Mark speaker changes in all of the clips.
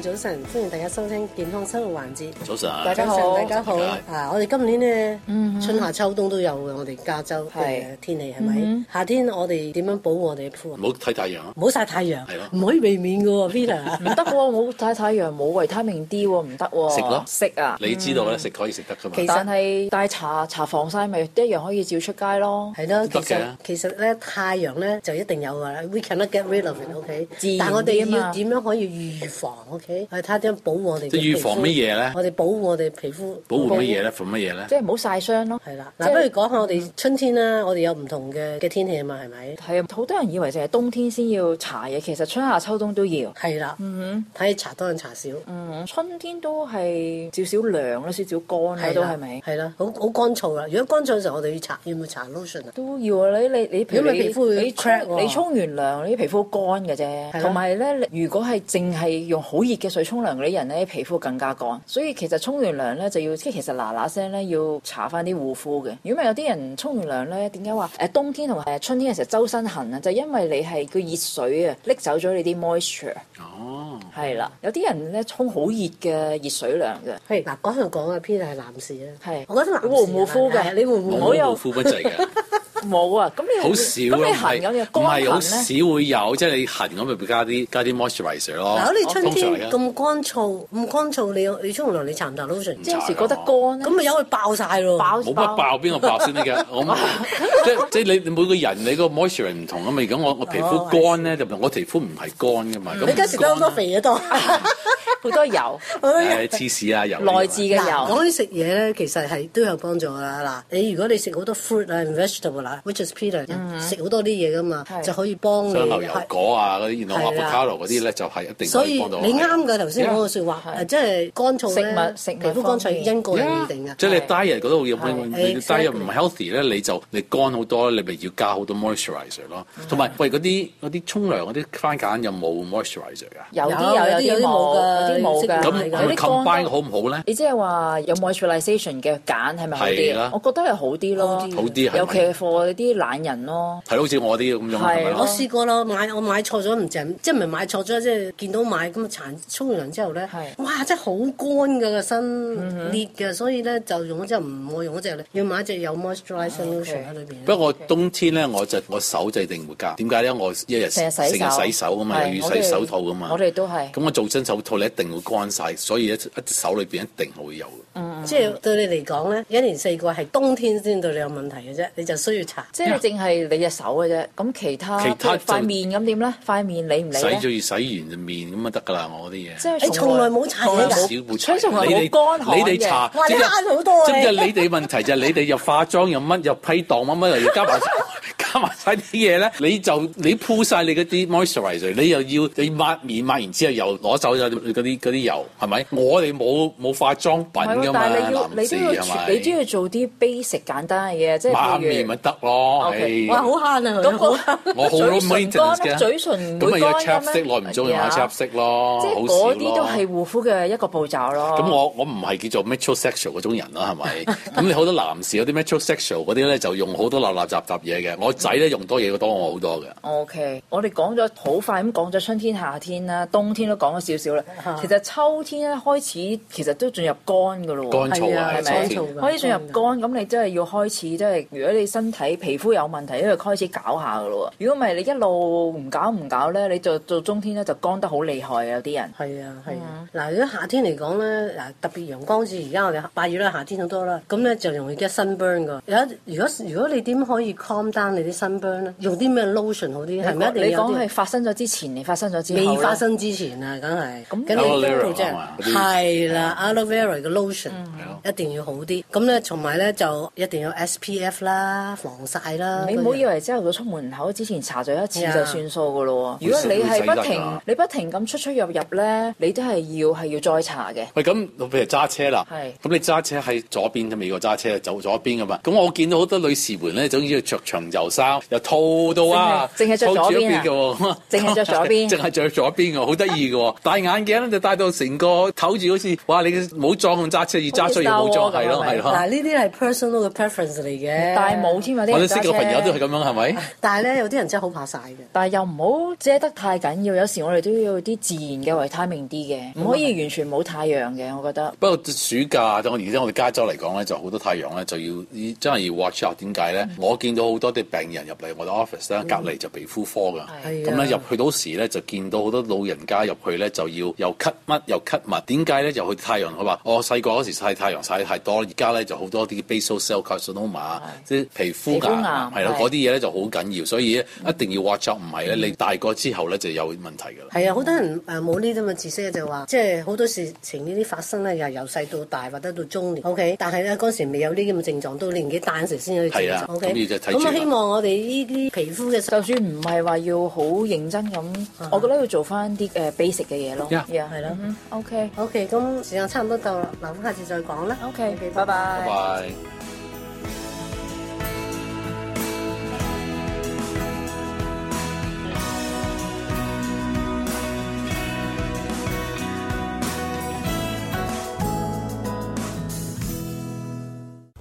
Speaker 1: 早晨，歡迎大家收聽健康生活環節。
Speaker 2: 早晨，大家好，大家好。
Speaker 1: 啊，我哋今年咧、嗯，春夏秋冬都有嘅。我哋加州嘅天氣係咪？夏天我
Speaker 3: 哋點樣保護我哋嘅膚？
Speaker 2: 唔好睇太陽、啊，唔好曬太陽，係咯，
Speaker 3: 唔可以避免嘅。Vina，唔得喎，唔好睇太陽，冇維他命 D 喎、哦，唔得喎。食咯，食啊。你知道咧、嗯，食
Speaker 2: 可以食得嘅嘛？其實係
Speaker 3: 帶搽搽防曬咪一樣可以照出街咯。係咯，
Speaker 2: 其實。
Speaker 3: 其實咧、啊，太
Speaker 1: 陽咧就一定有嘅啦。We can not get rid of it. OK，但我哋要點、啊、樣可以預防？O K，係睇下點樣保護我哋。即預防乜嘢咧？我哋保護我哋皮膚。保護乜嘢咧？
Speaker 2: 防乜嘢咧？即係
Speaker 1: 唔
Speaker 3: 好曬傷咯。係啦，
Speaker 1: 嗱，不如講下我哋春天啦、啊嗯。我哋有唔同嘅嘅天氣啊嘛，係咪？
Speaker 3: 係啊，好多人以為淨係冬天先要搽嘢，其實春夏秋冬都要。係啦。睇、嗯、哼。搽多定搽少、嗯。春天都係少少涼啦，少少乾啦，都係咪？
Speaker 1: 係啦，好好乾燥啦。如果乾燥嘅時候，我哋要搽，要唔要搽 lotion 啊？都
Speaker 3: 要啊！你你皮譬如你你沖完涼，啲皮膚乾嘅啫，同埋咧，如果係淨係用。好熱嘅水沖涼嗰啲人咧，皮膚更加乾，所以其實沖完涼咧就要即係其實嗱嗱聲咧要搽翻啲護膚嘅。如果咪有啲人沖完涼咧，點解話誒冬天同誒春天嘅時候周身痕啊？就係因為你係個熱水啊，拎走咗你啲 moisture。哦，係啦，有啲人咧沖好熱嘅熱水涼嘅。係嗱，講度講嘅 p 係男士啊，係，我覺得男士護膚嘅，你會唔
Speaker 1: 會唔好用？
Speaker 3: 冇
Speaker 2: 啊！咁你是好少、啊、你痕咁又唔係好少會有，即、就、係、是、你痕咁咪、就是、加啲加啲 moisturiser 咯。如果你春天咁乾燥，咁、
Speaker 1: 啊、乾燥，唔乾燥你你沖涼你搽唔搽 lotion？有時覺得乾咧，咁咪由佢爆晒咯。冇乜爆邊個爆先得嘅？
Speaker 2: 我即即係你你每個人你個 moisturiser 唔同啊嘛。而家我我皮膚乾咧，oh, 就、啊、我皮膚唔係乾嘅嘛。你而家食咗咁多肥嘢多？ 好多油，誒芝士啊，油，內置嘅油。
Speaker 1: 嗱，我啲食嘢咧，其實係都有幫助噶喇。嗱，你如果你食好多 fruit 啊、vegetable 啊、which is peter 啊，食好多啲嘢噶嘛，就可以幫你。牛油
Speaker 2: 果啊嗰啲，麥片卡路嗰啲咧，就係一定可以幫助。所以你啱
Speaker 1: 噶頭先講嘅説話，誒即係乾燥咧。食物食皮膚乾燥，因果一定
Speaker 2: 噶。即係你 diet 嗰度嘢，你 diet 唔 healthy 咧，你就你乾好多，你咪要加好多 moisturiser 咯。同埋喂嗰啲嗰啲沖涼嗰啲番梘有冇 moisturiser 㗎？有
Speaker 3: 啲有，有啲冇㗎。冇噶，咁佢 combine 好唔好咧？你即係話有 moisturization 嘅揀係咪
Speaker 2: 好啲？我
Speaker 3: 覺得係好啲咯，
Speaker 2: 好啲係咪？尤其係
Speaker 3: for 啲懶人咯。
Speaker 2: 係好似我啲咁樣。係，我試
Speaker 1: 過咯，我買我買錯咗唔淨，即係唔係買錯咗？即係見到買咁啊殘沖完涼之後咧，哇！真係好乾㗎個身裂㗎、嗯，所以咧就用咗隻唔會用咗隻，要買一隻有 moisturization 喺裏面。
Speaker 2: 不過我冬天咧，我就我手就一定換㗎。點解咧？我一日成日洗手㗎嘛，要洗手套㗎嘛。Okay, 我哋都係。咁我做新手套咧。一定會乾晒，所以一隻手裏邊一定會有
Speaker 1: 嗯，即係對你嚟講咧，一年四季係冬天先對你有問題嘅啫，你就需要搽。即係淨係你隻手嘅啫，咁
Speaker 3: 其他
Speaker 2: 其他，塊面
Speaker 3: 咁點咧？塊面你
Speaker 1: 唔理，理洗咗
Speaker 2: 要洗完隻面咁咪得㗎啦！我啲嘢。即係你從來冇搽嘅。你哋搽，從來冇乾涸嘅。好多你即係你哋問， 問題就係你哋又化妝又乜又批檔乜乜又要加埋。 抹曬啲嘢咧，你就你鋪晒你嗰啲 moisturizer 你又要你抹面抹完之後又攞走咗嗰啲啲油，係咪？我哋冇冇化妝品㗎嘛你，男士係咪？你都要是是你
Speaker 3: 都要做啲 basic 簡單嘅嘢，即係抹面
Speaker 2: 咪得咯。哇，好慳
Speaker 3: 啊！咁、那個、我我好多 maintenance 嘴唇乾咁咪 有 chapstick，耐唔中用下 chapstick
Speaker 2: 咯，即係嗰啲都係
Speaker 3: 護膚嘅一個步驟咯。咁
Speaker 2: 我我唔係叫做 metrosexual 嗰種人咯，係咪？咁 你好多男士有啲 metrosexual 嗰啲咧，就用好多垃垃雜雜嘢嘅我。仔咧用多嘢，多我好多嘅。
Speaker 3: OK，我哋講咗好快咁講咗春天、夏天啦，冬天都講咗少少啦。其實秋天咧開始，其實都進入乾㗎咯喎。乾燥啊，係咪？可以進入乾，咁你真係要開始，即係如果你身體皮膚有問題，因為開始搞下嘅咯。如果唔係你一路唔搞唔搞咧，你就到冬天咧就乾得好厲害啊！有啲人係啊，係啊。嗱，如果夏天嚟講咧，嗱特別陽光，至而家我哋八月啦，夏天好多啦，咁
Speaker 1: 咧就容易 get sunburn 嘅。有，如果如果你點可以 calm down 啲 s b u r n 用啲咩 lotion 好啲？係咪一定你講係發生咗之前定發生咗？之未發生之前、嗯、vera, 啊，梗係咁。有要啫，t 係啦，aloe vera 嘅 lotion 一定要好啲。咁咧，同埋咧就一定要 SPF 啦，防曬啦。你唔好、就是、以
Speaker 3: 為之後佢出門口之前搽咗一次就算數㗎咯喎。如果你係不停不你不停咁出出入入咧，你都係要係要再查嘅。
Speaker 2: 喂、哎，咁譬如揸車啦，係、嗯、咁、嗯嗯嗯、你揸車喺左邊嘅美國揸車啊，走左邊㗎嘛。咁我見到好多女士們咧，總之着長袖。衫又套到啊！淨係着咗邊啊！淨係着咗邊，淨係着咗邊嘅，好得意嘅。 戴眼鏡咧就戴到成個唞住，好似哇！你冇裝咁揸車，要揸車要冇裝，係 咯，係咯。嗱，
Speaker 3: 呢啲係 personal 嘅 preference 嚟嘅，但戴冇添
Speaker 1: 啊！我啲識嘅朋友都係
Speaker 2: 咁樣，係咪？
Speaker 3: 但係咧，有啲人真係好怕曬嘅。 但係又唔好遮得太緊要，有時我哋都要啲自然嘅維他命 D 嘅，唔、嗯、可以完全冇太陽嘅。我覺得。
Speaker 2: 不過暑假就我而家我哋加州嚟講咧，就好多太陽咧，就要真係 watch out 點解咧？ 我見到好多啲病。人入嚟我哋 office 咧，隔、嗯、離就皮膚科噶，咁咧入去到時咧就見到好多老人家入去咧就要又咳乜又咳乜，點解咧就去太陽？佢話我細個嗰時晒太陽晒太多，而家咧就好多啲 basal cell carcinoma，即皮膚癌，係嗰啲嘢咧就好緊要，所以、嗯、一定要 watch 唔係咧你大個之後咧就有問題㗎
Speaker 1: 啦。係啊，好多人誒冇呢啲咁嘅知識就話，即係好多事情呢啲發生咧，又由細到大或者到中年，OK，但係咧嗰時未有
Speaker 3: 呢啲咁嘅症狀，到年紀大時先
Speaker 2: 有症狀咁、啊 okay? 啊、希
Speaker 3: 望我哋呢啲皮膚嘅，就算唔係話要好認真咁、uh-huh. 我覺得要做翻啲誒 basic 嘅嘢咯。呀、yeah. yeah，
Speaker 1: 係、okay. 咯、okay。OK，OK，咁時間差唔多到喇嗱，咁下次再講啦。OK，拜拜。拜拜。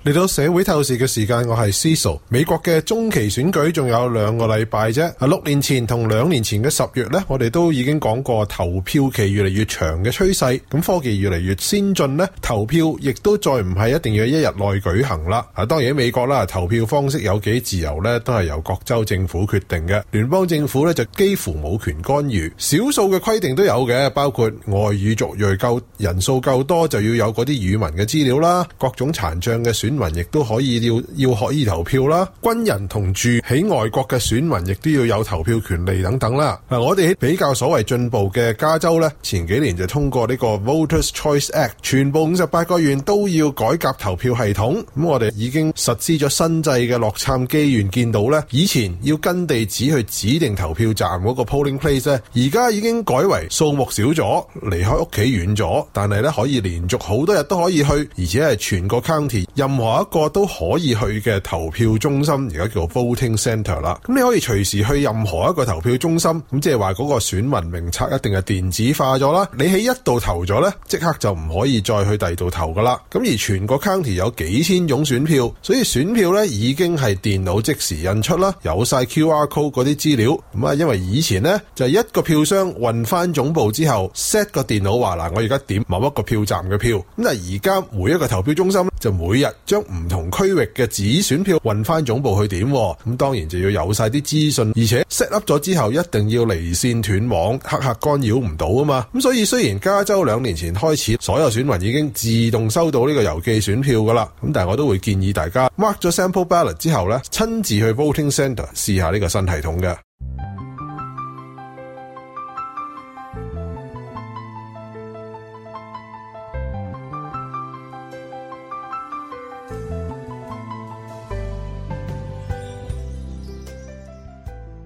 Speaker 4: 嚟到社會透視嘅時間，我係 Cecil。美國嘅中期選舉仲有兩個禮拜啫。啊，六年前同兩年前嘅十月呢，我哋都已經講過投票期越嚟越長嘅趨勢。咁科技越嚟越先進呢，投票亦都再唔係一定要一日內舉行啦。啊，當然喺美國啦，投票方式有幾自由呢，都係由各州政府決定嘅，聯邦政府呢，就幾乎冇權干預。少數嘅規定都有嘅，包括外語族裔夠人數夠多就要有嗰啲語文嘅資料啦，各種殘障嘅選民亦都可以要要可以投票啦，軍人同住喺外國嘅選民亦都要有投票權利等等啦。嗱、啊，我哋喺比較所謂進步嘅加州呢，前幾年就通過呢個 Voters Choice Act，全部五十八個縣都要改革投票系統。咁我哋已經實施咗新制嘅洛杉磯縣，見到呢，以前要跟地址去指定投票站嗰個 Polling Place 咧，而家已經改為數目少咗，離開屋企遠咗，但係呢，可以連續好多日都可以去，而且係全個 county 任何。某一個都可以去嘅投票中心，而家叫做 voting centre 啦。咁你可以隨時去任何一個投票中心。咁即係話嗰個選民名冊一定係電子化咗啦。你喺一度投咗呢，即刻就唔可以再去第二度投噶啦。咁而全個 county 有幾千種選票，所以選票呢已經係電腦即時印出啦，有晒 QR code 嗰啲資料。咁啊，因為以前呢，就係一個票箱運翻總部之後 set 個電腦話嗱，我而家點某一個票站嘅票。咁但係而家每一個投票中心呢，就每日將唔同區域嘅紙選票運翻總部去點？咁當然就要有晒啲資訊，而且 set up 咗之後一定要離線斷網，黑客干擾唔到啊嘛！咁所以雖然加州兩年前開始，所有選民已經自動收到呢個郵寄選票噶啦，咁但係我都會建議大家 mark 咗 sample ballot 之後咧，親自去 voting center 試下呢個新系統嘅。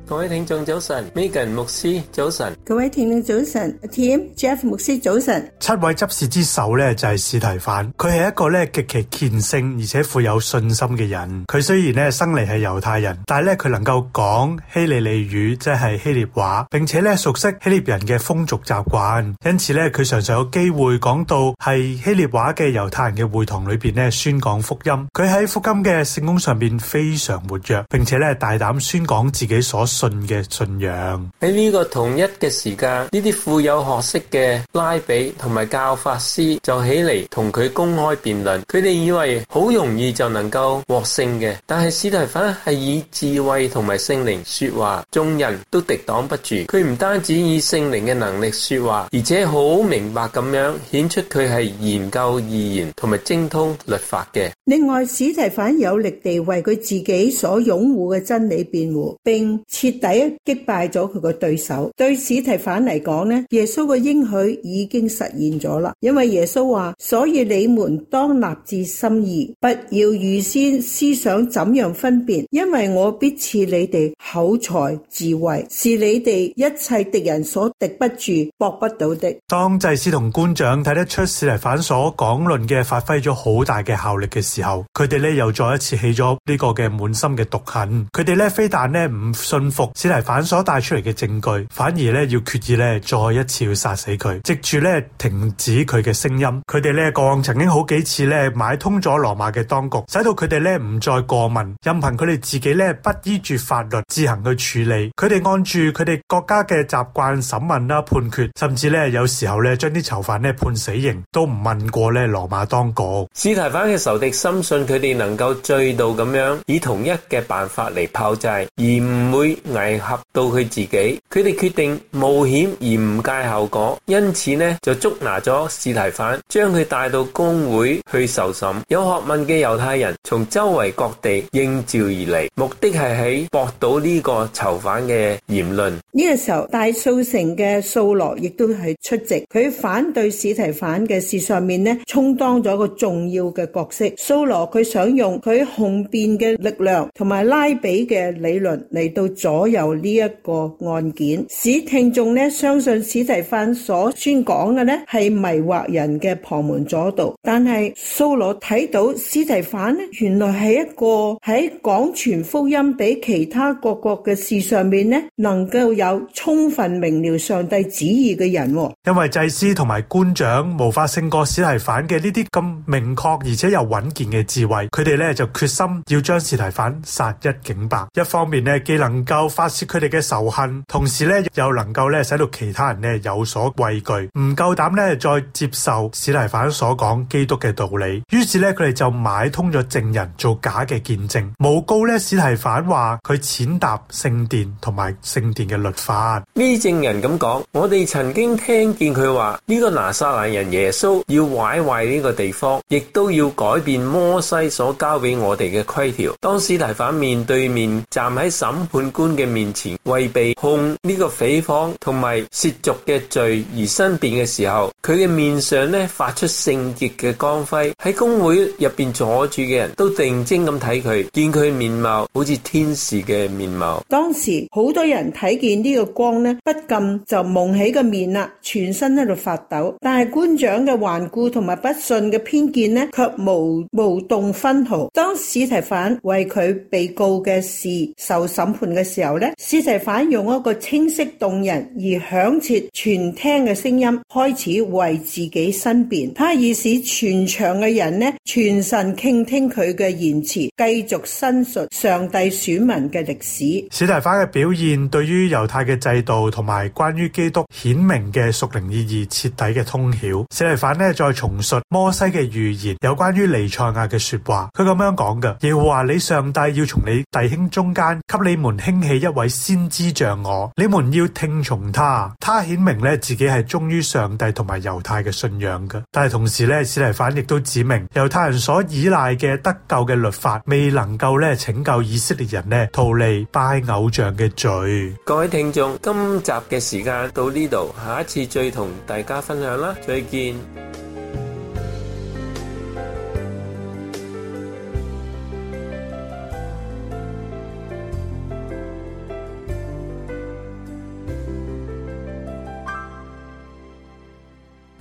Speaker 5: 各位聽眾早晨
Speaker 6: ，Megan 牧師早晨，
Speaker 7: 各位聽眾早晨，Tim、晨 Team、Jeff 牧師早晨。
Speaker 5: 七位執事之首咧就係司提反，佢係一個咧極其虔誠而且富有信心嘅人。佢雖然咧生嚟係猶太人，但係咧佢能夠講希利利語，即係希臘話，並且咧熟悉希臘人嘅風俗習慣，因此咧佢常常有機會講到係希臘話嘅猶太人嘅會堂裏邊咧宣講福音。佢喺福音嘅聖工上邊非常活躍，並且咧大膽宣講自己所。信嘅信仰
Speaker 6: 喺呢個同一嘅時間，呢啲富有學識嘅拉比同埋教法師就起嚟，同佢公開辯論。佢哋以為好容易就能夠獲勝嘅，但係司提反係以智慧同埋聖靈說話，眾人都抵擋不住。佢唔單止以聖靈嘅能力說話，而且好明白咁樣顯出佢係研究異言同埋精通律法嘅。
Speaker 7: 另外，司提反有力地為佢自己所擁護嘅真理辯護，並且。徹底擊敗咗佢個對手。對史提反嚟講呢，耶穌嘅應許已經實現咗啦。因為耶穌話：所以你們當立志心意，不要預先思想怎樣分辨？因為我必賜你哋口才智慧，是你哋一切敵人所敵不住、搏不到的。
Speaker 5: 當祭司同官長睇得出史提反所講論嘅發揮咗好大嘅效力嘅時候，佢哋咧又再一次起咗呢個嘅滿心嘅毒恨。佢哋咧非但咧唔信。史提反所帶出嚟嘅證據，反而咧要決意咧，再一次要殺死佢，直至咧停止佢嘅聲音。佢哋咧個曾經好幾次咧買通咗羅馬嘅當局，使到佢哋咧唔再過問，任憑佢哋自己咧不依住法律自行去處理。佢哋按住佢哋國家嘅習慣審問啦判決，甚至咧有時候咧將啲囚犯咧判死刑都唔問過咧羅馬當局。
Speaker 6: 史提反嘅仇敵深信佢哋能夠醉到咁樣，以同一嘅辦法嚟炮製，而唔會。危脅到佢自己，佢哋決定冒險而唔計後果，因此咧就捉拿咗司提反，將佢帶到公會去受審。有學問嘅猶太人從周圍各地應召而嚟，目的係喺駁倒呢個囚犯嘅言論。
Speaker 7: 呢個時候，大數城嘅蘇羅亦都係出席，佢反對司提反嘅事上面咧，充當咗個重要嘅角色。蘇羅佢想用佢雄辯嘅力量同埋拉比嘅理論嚟到做。所有呢一個案件，使聽眾咧相信司提反所宣講嘅咧係迷惑人嘅旁門左道。但係蘇羅睇到司提反咧，原來係一個喺廣傳福音俾其他各國嘅事上面咧，能夠有充分明了上帝旨意嘅人。
Speaker 5: 因為祭司同埋官長無法勝過司提反嘅呢啲咁明確而且又穩健嘅智慧，佢哋咧就決心要將司提反殺一儆百。一方面咧既能夠又發洩佢哋嘅仇恨，同時咧又能夠咧使到其他人咧有所畏懼，唔夠膽咧再接受史提反所講基督嘅道理。於是咧佢哋就買通咗證人做假嘅見證。誣告咧，史提反話佢踐踏聖殿同埋聖殿嘅律法。
Speaker 6: 呢證人咁講，我哋曾經聽見佢話呢個拿撒勒人耶穌要毀壞呢個地方，亦都要改變摩西所交俾我哋嘅規條。當史提反面對面站喺審判官嘅面前，為被控呢個誹謗同埋褻瀆嘅罪而申辯嘅時候，佢嘅面上咧發出聖潔嘅光輝。喺公會入邊坐住嘅人都定睛咁睇佢，見佢面貌好似天使嘅面貌。
Speaker 7: 當時好多人睇見呢個光咧，不禁就蒙起個面啦，全身喺度發抖。但係官長嘅頑固同埋不信嘅偏見呢卻無無動分毫。當司提反為佢被告嘅事受審判嘅時，時候咧，史提反用一個清晰動人而響徹全聽嘅聲音，開始為自己申辯，他以使全場嘅人呢全神傾聽佢嘅言辭，繼續申述上帝選民嘅歷史。
Speaker 5: 史提反嘅表現對於猶太嘅制度同埋關於基督顯明嘅屬靈意義徹底嘅通曉。史提反咧再重述摩西嘅預言，有關於尼賽亞嘅說話。佢咁樣講噶，亦話你上帝要從你弟兄中間給你們興，興係一位先知像我，你們要聽從他。他顯明咧自己係忠於上帝同埋猶太嘅信仰嘅。但係同時咧，司提反亦都指明猶太人所依賴嘅得救嘅律法，未能夠咧拯救以色列人咧逃離拜偶像嘅罪。
Speaker 6: 各位聽眾，今集嘅時間到呢度，下一次再同大家分享啦，再見。